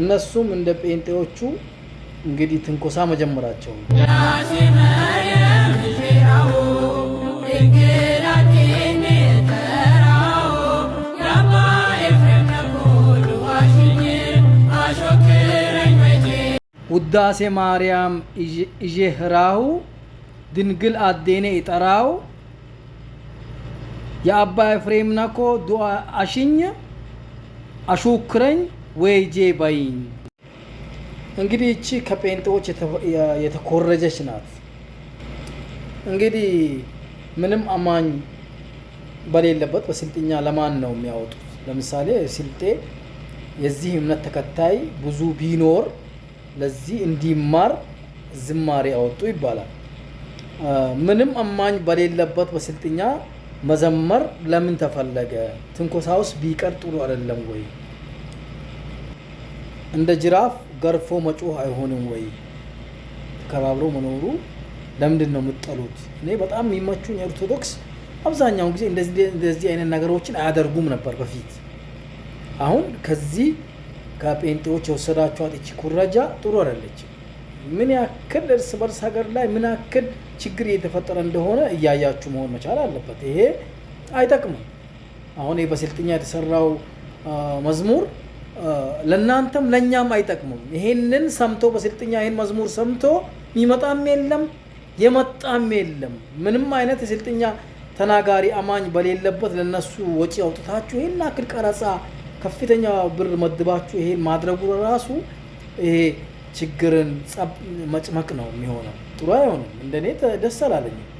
እነሱም እንደ ጴንጤዎቹ እንግዲህ ትንኮሳ መጀመራቸው ውዳሴ ማርያም እዤህራሁ ድንግል አዴኔ ይጠራው የአባ ኤፍሬም ነኮ ዱአ አሽኝ አሹክረኝ ወይጄ ባይኝ። እንግዲህ እቺ ከጴንጤዎች የተኮረጀች ናት። እንግዲህ ምንም አማኝ በሌለበት በስልጥኛ ለማን ነው የሚያወጡት? ለምሳሌ ስልጤ የዚህ እምነት ተከታይ ብዙ ቢኖር ለዚህ እንዲማር ዝማሬ አወጡ ይባላል። ምንም አማኝ በሌለበት በስልጥኛ መዘመር ለምን ተፈለገ? ትንኮሳውስ ቢቀር ጥሩ አይደለም ወይ? እንደ ጅራፍ ገርፎ መጮህ አይሆንም ወይ? ተከባብሮ መኖሩ ለምንድን ነው የምጠሉት? እኔ በጣም የሚመቹኝ የኦርቶዶክስ አብዛኛውን ጊዜ እንደዚህ አይነት ነገሮችን አያደርጉም ነበር በፊት። አሁን ከዚህ ከጴንጤዎች የወሰዳችኋት እቺ ኩረጃ ጥሩ አይደለችም። ምን ያክል እርስ በርስ ሀገር ላይ ምን ያክል ችግር እየተፈጠረ እንደሆነ እያያችሁ መሆን መቻል አለበት። ይሄ አይጠቅምም። አሁን በስልጥኛ የተሰራው መዝሙር ለእናንተም ለእኛም አይጠቅሙም። ይሄንን ሰምቶ በስልጥኛ ይሄን መዝሙር ሰምቶ የሚመጣም የለም የመጣም የለም። ምንም አይነት የስልጥኛ ተናጋሪ አማኝ በሌለበት ለነሱ ወጪ አውጥታችሁ ይሄን አክል ቀረጻ ከፍተኛ ብር መድባችሁ ይሄን ማድረጉ ራሱ ይሄ ችግርን መጭመቅ ነው የሚሆነው። ጥሩ አይሆንም። እንደኔ ደስ አላለኝም።